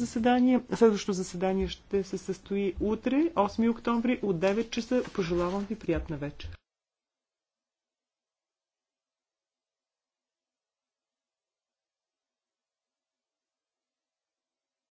заседание. Следващото заседание ще се състои утре, 8 октомври, от 9 часа. Пожелавам ви приятна вечер.